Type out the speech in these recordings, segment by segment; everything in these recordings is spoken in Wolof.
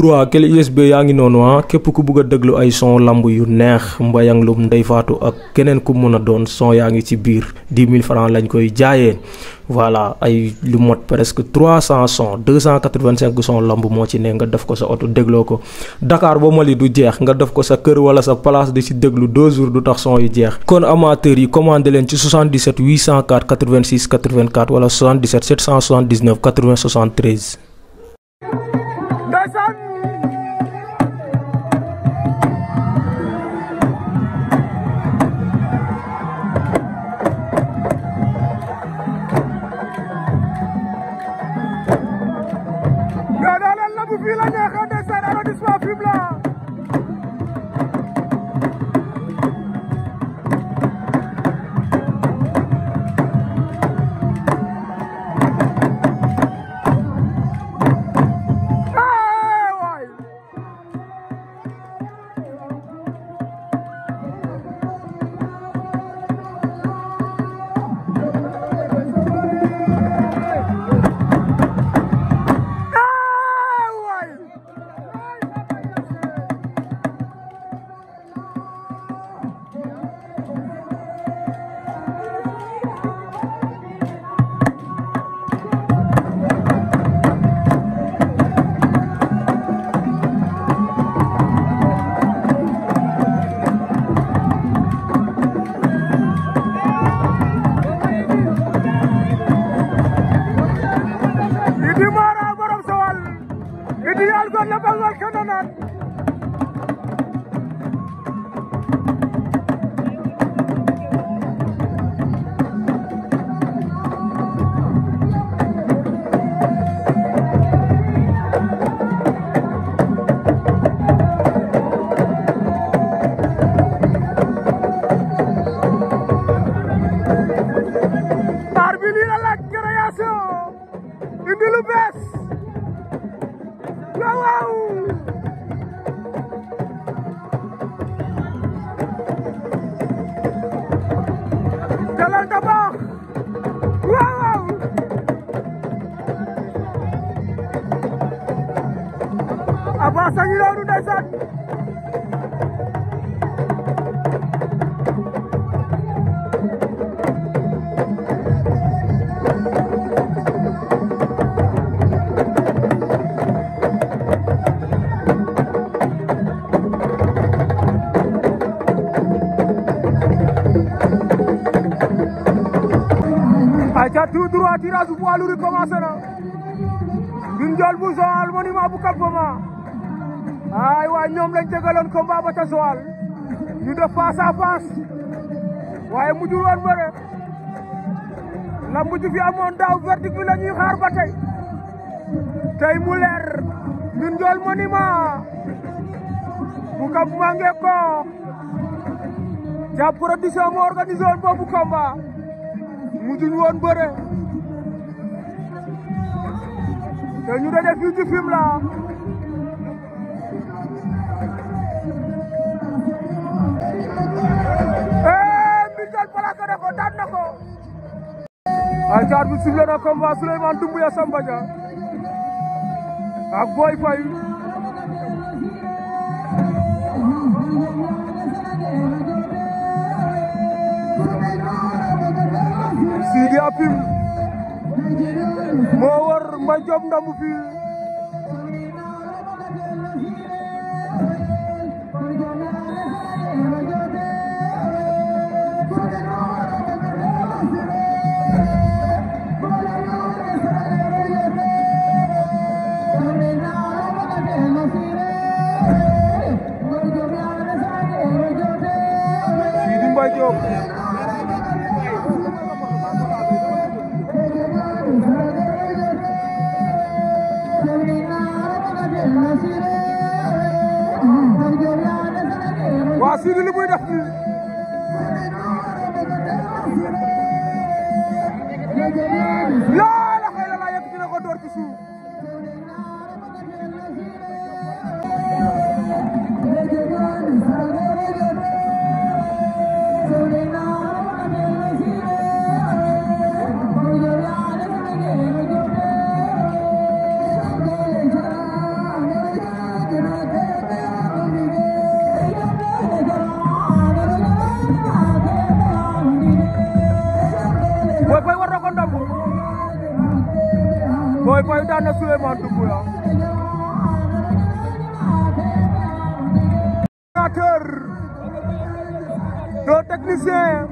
droit kel usb yaangi ngi noonu ah ku bëgg a ay son lamb yu neex mbayang lu ndey faatu ak keneen ku mëna doon son yaangi ci biir 10000 francs lañ koy jaayé voilà ay lu mot presque 300 son 285 son lamb mo ci ne nga def ko sa auto dégloo ko dakar bo mali du jeex nga def ko sa kër wala sa place di ci déglu 2 jours du tax son yu jeex kon amateur yi commander len ci 77 804 86 84 wala 77 779 80 73 fii la neexee ndeysaan arrondissement Fimela la bal wal kenanat tirage bu poids lourd commencé na Mbine Ndiol bu Joal monument bu Kabama ay ñoom lañ jegaloon combat ba ca Joal ñu def face à waaye mujjul woon bëre la mujj fi daaw verdict bi la ñuy tey tey mu leer Mbine Ndiol monument ngee ko Dia production moo organisé woon boobu combat mujjul woon bëre te ñu daje fii ci film la ee eh, Mbirjol Palaka na ko daan na ko ay caar bi sifflé na combat Souleymane Doumbouya Samba Dia ak Boy Faye Sidi Apim moo war Mbaye Diop Ndamou fii Boy Boy daan na Souleymane Doumbouya ordinateur deux techniciens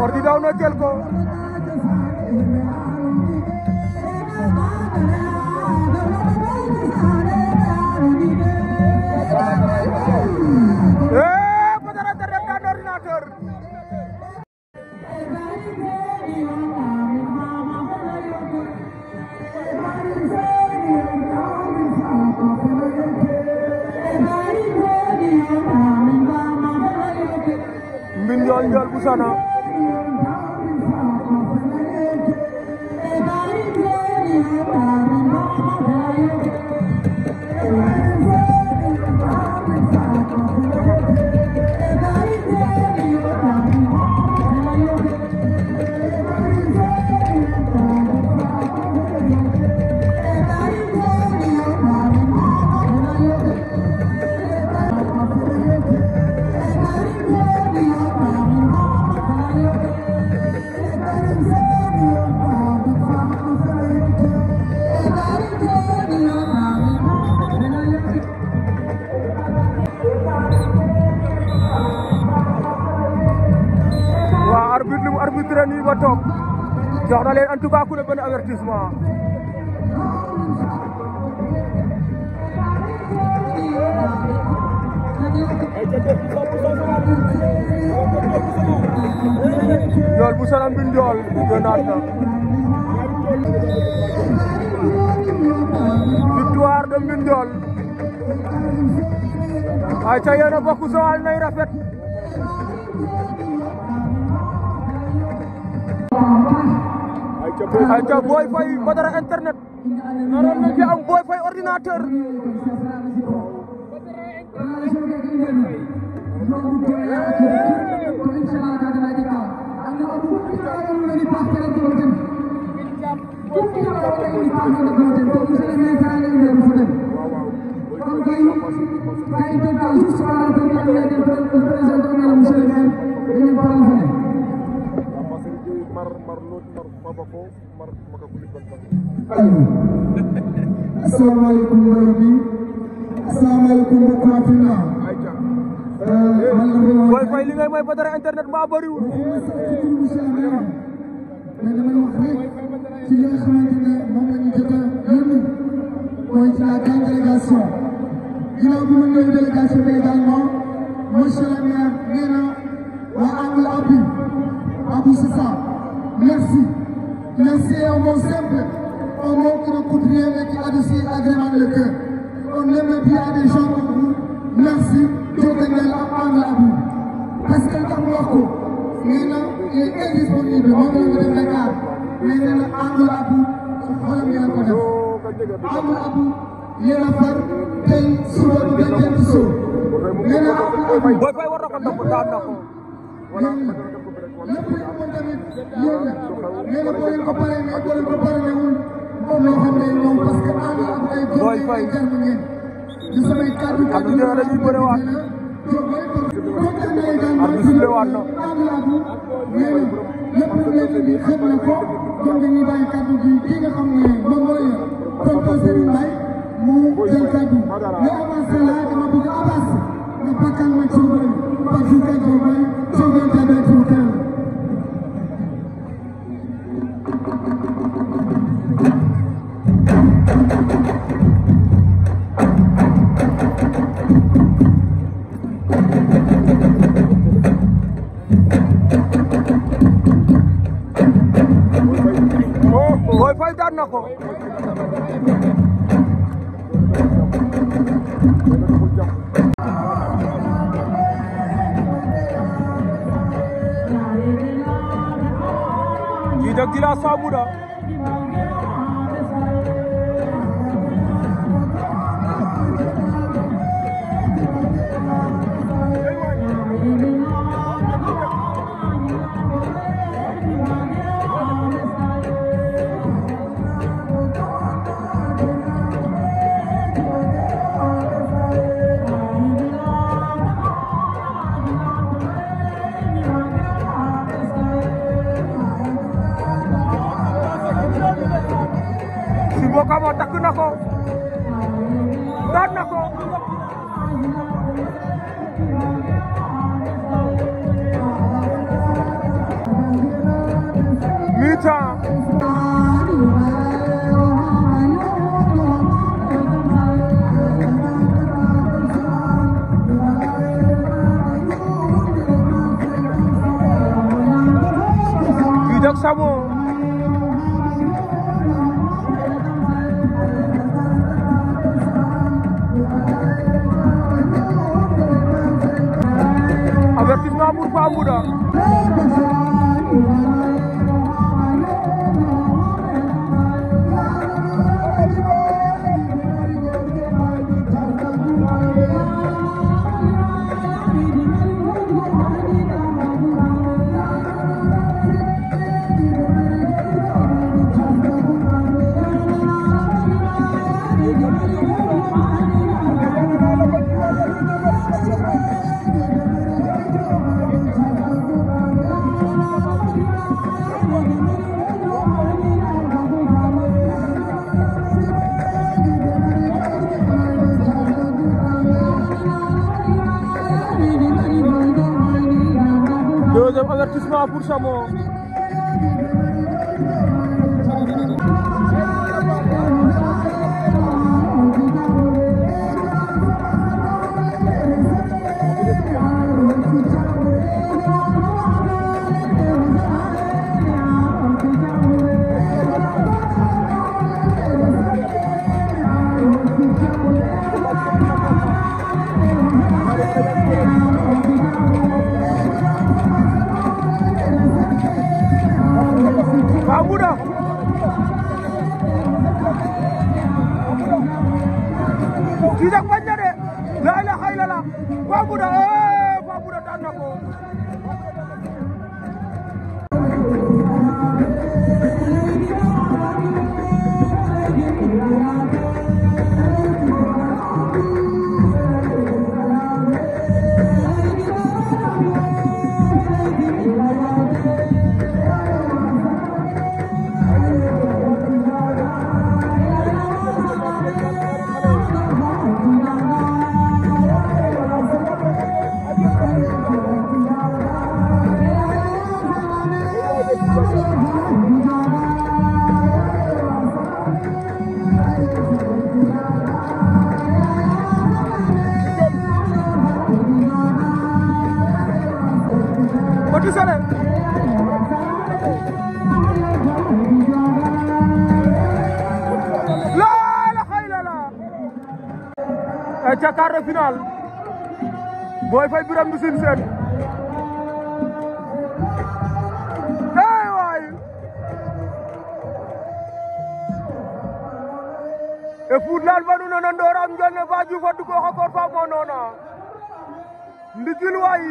ordi daw na jël ko Mbine Ndiol Ndiol bu Sana Thank you. fa toog jox na leen en ku ne benn avertissement. Ndiol bu Salam bi Ndiol gënaat na. victoire de Mbine Ndiol. ay ca yéen a bokk sowal nay rafet. ayca Boy Faye Badara internet naroon na ci am Boy Faye ordinateur mar mar Mabako Mar Makakuli Bantan. asalaamaaleykum mbooloo bi asalaamaaleykum mbokku Afrika. Boy Faye li ngay may Badara internet maa bëriwul. mais damay wax rek ci li nga xamante ne moom la ñu jot a yónni mooy ci la grande délégation ginnaaw bi mu ñëwee délégation bi également monsieur le maire nee na waa amul appui Abou Sissa merci. Merci un mot simple, un mot qui ne coûte rien mais qui adoucit et agrémente le cœur. On aime bien des gens comme vous. Merci, jóge na la ànd ak vous. parce que tax mu wax ko nee na il est indisponible moom la ñu dem Dakar nee na la ànd ak vous xolam yaa ko def. ànd ak vous yéen a far tey suba du benn benn soo nee na ànd ak yéen lépp lu amoon tamit yéen yéen a ko yéen ko pare mais ko ko pare ne wul moom loo xam ne moom parce que ànd ak ay doom yi ay jàng ngeen di samay kàddu kàddu yi dañuy bëre waat kontaan nañ daal ak suñu ànd ak yéen lépp lu nekk di xëpp na ko donc dañuy bàyyi kàddu gi kii nga xam ne moom mooy tonton Serigne Mbaye mu jël kàddu mais avancé la dama bëgg avancé But can we children? But you can go away. Children Thank you. put up. na ko daan na ko mi-temps kii dog Samo pour Pape Bouda Kuršamo Boy Faye Birame Mbissine Sène ay waay e fuutlaal fanu nene ndooram njol ne fa jufa dukooxa koor fa moonoona ndigil waay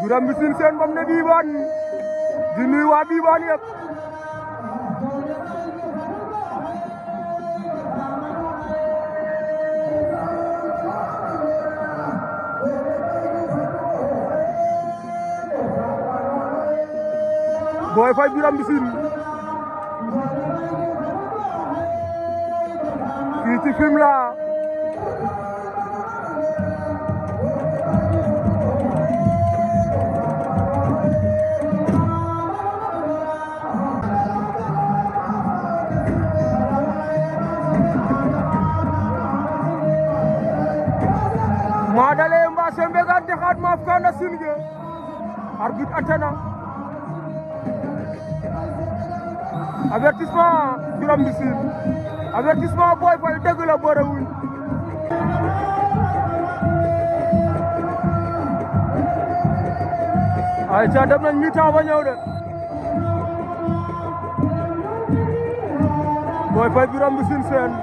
Birame Mbissine Sène moom ne Diwane di nuyu waa Diwane yëpp Boy Faye Birame Mbissine fii ci Fimela ma dalee mbaa sembe ga dexaat maaf kaana sin ge arbitre atana avertissement Birame Mbissine avertissement Boy Faye dëgg la boorewuñ ay ca dem nañ mi-temps ba ñëw de Boy Faye Birame Mbissine seen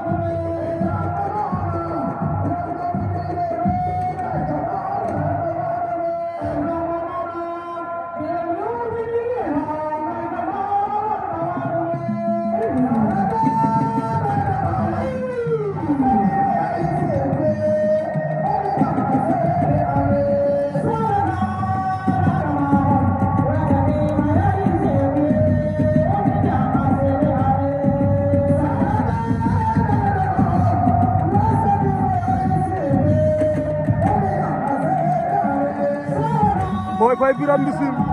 Biram Mbissine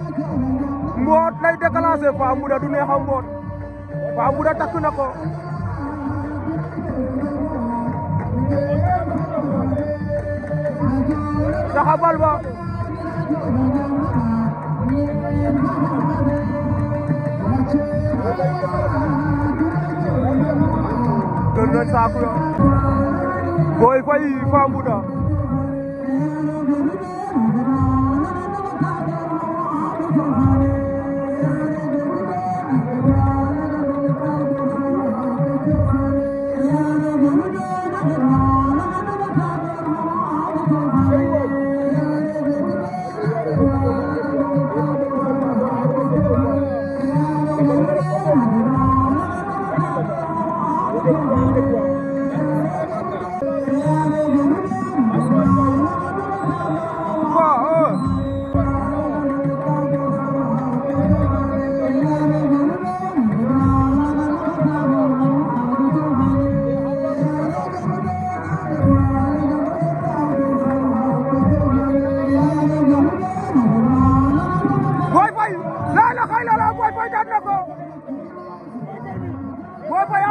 mboot lay déclenché Faa Mbuda du neex a mboot Faa Mbuda takk na ko saxabal ba dër na saaku ya booy fay Faa Mbuda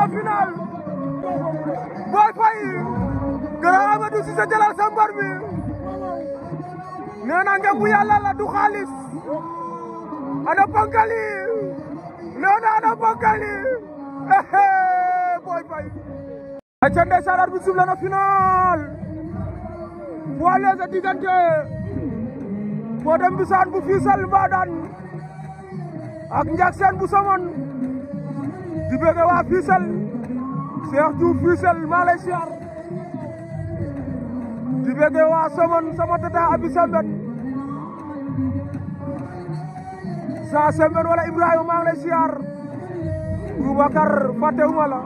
en finale Boy Faye Grand Amadou Cissé jëlal sa mbar mi nee na ngebu yàlla la du xaalis ana ponkali nee na ana ponkali Boy Faye aca ndeysaan arbitre bi sifflé na finale poids léger sa diggante Fodé Mbissane bu Fissel Mbadane ak Ndiack Sène bu Somone di bëgg waa Fissel Cheikh malaysia Fissel di sama tata Abi Sambet saa Sambet wala Malaysia, maa Bakar lay siyaar Boubacar fàttewuma la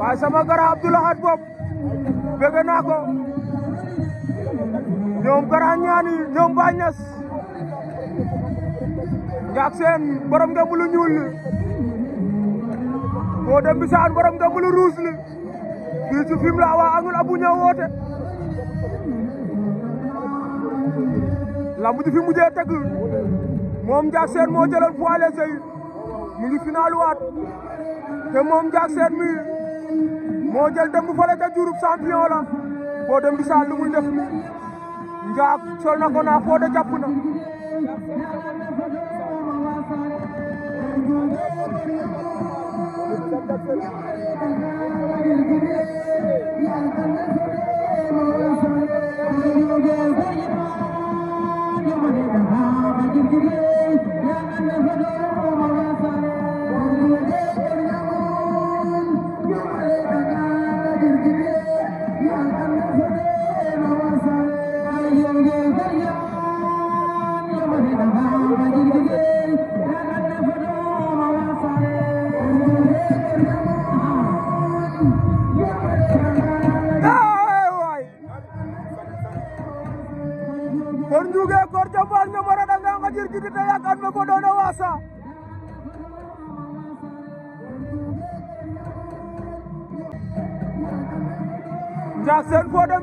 waaye sama gara Abdoulahad Bob bëgg naa ko ñoom gara ñaani borom nga lu ñuul moo dem bisaan borom nga mulu ruus li fii ci fim la waa angul abu woote lamb ji fi mujjee teg moom Ndiack Sène moo jëloon poids léger yi mu ngi final waat te moom Ndiack Sène mi moo jël dem bu fële ca Diouroup champion la boo dem lu muy def mi Ndiack sol na ko naa foo na Yeah,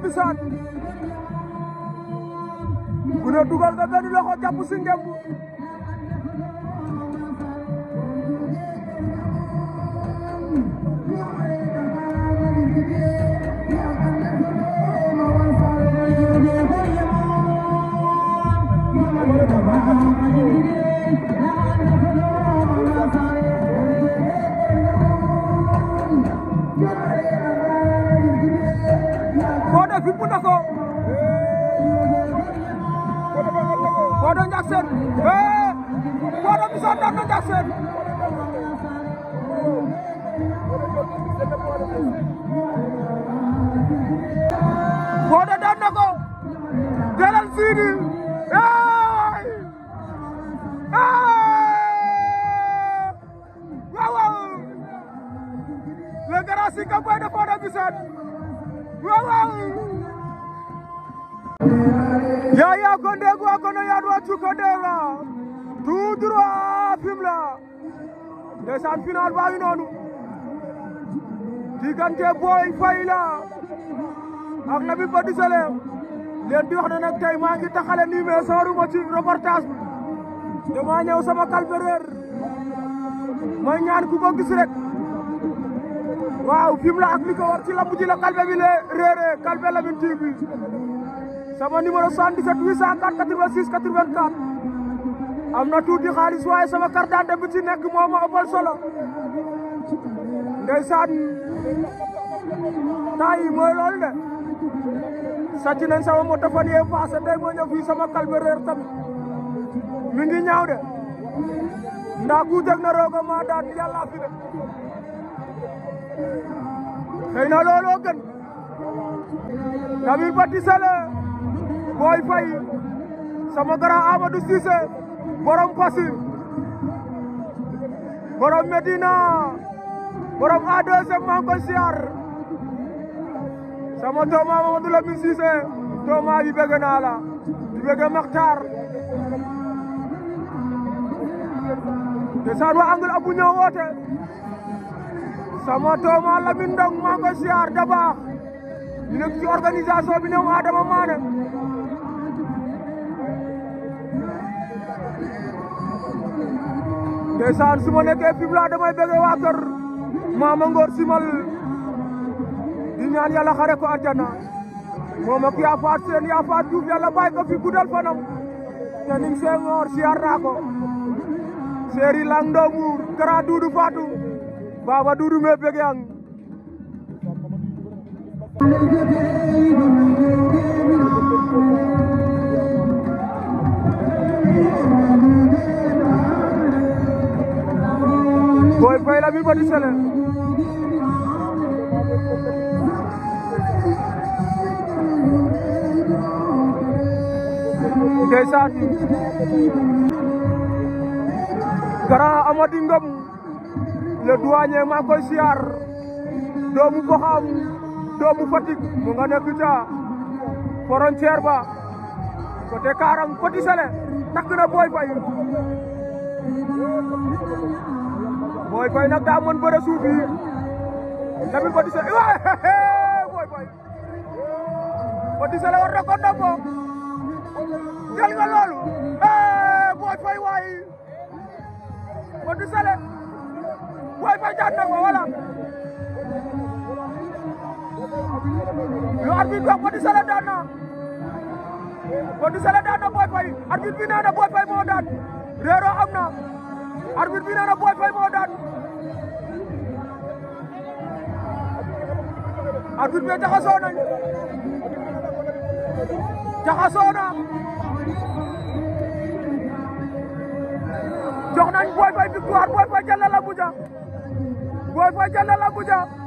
bisaan ku ne dugal nga benn loxo jàpp si Jackson. Hey, what up, son? Dr. Jackson. Akondego Akono Yane wàcc ko delloo tout droit Fimela ndeysaan final baa ngi noonu diggante Boy Faye la ak Lamine Badi Sélé leen di wax ne nag tey maa ngi taxale nii mais sooruma ci reportage bi dama ñëw sama kalpe réer may ñaan ku ko gis rek waaw Fimela ak li ko war ci lamb ji la kalpe bi la réeree kalpe Lamine TV bi sama numéro 77 804 86 84 am na tuuti xaalis waaye sama carte d'identité bi ci nekk moo ma ëppal solo ndeysaan temps yi mooy loolu de sàcc sama moto fan yee passé tey moo ñëw fii sama kalbe réer tamit mi ngi ñaaw de ndaa guujëg na rooga ma daan yàlla fi de xëy na looloo gën Nabil Patissé Boy Faye sama grand Amadou Cissé borom Passy borom Medina borom A2C maa ngi koy siyaar sama tooma Mamadou Lamine Cissé tooma yi bëgg naa la di bëgg Maxtaar desaan wa angal abu ñoo woote sama tooma Lamine Ndong maa ngi koy siyaar da baax ñu nekk ci Adama Mané ndeysaan su ma nekkee fii laa damay bëgg waa kër maama Ngor Simal di ñaan yàlla xare ko àjjana moom ak yaa faat seen yaa faat Diouf yàlla bàyyi ko fi guddal fanam te nim see ngoor siyaar naa ko seeri lang ndoomuur kara duudu faatu baaba duudu mee bëgg ang of Goyal everybody's selling. le douanier maa koy siyaar doomu goxam doomu Fatick mu nga nekk ca frontière ba côté Karang Petit Sélé tak na Boy Faye Boy Faye nag daa mën bëre suuf yi Lamine Patissé waaye eh, eh, eh, Boy Faye Patissé la war na ko ndombo jël nga loolu Boy Faye waaye Patissé la Boy Faye daan na ko wala lu arbitre wax Patissé la daan na Patissé la daan na Boy Faye arbitre bi nee na Boy Faye moo daan réeroo am na arbitre bi nee na Boy Faye moo daan arbitre bi jaxasoo nañ jaxasoo na jox nañ Boy Faye victoire Boy Faye jël la Abuja Boy Faye jël Abuja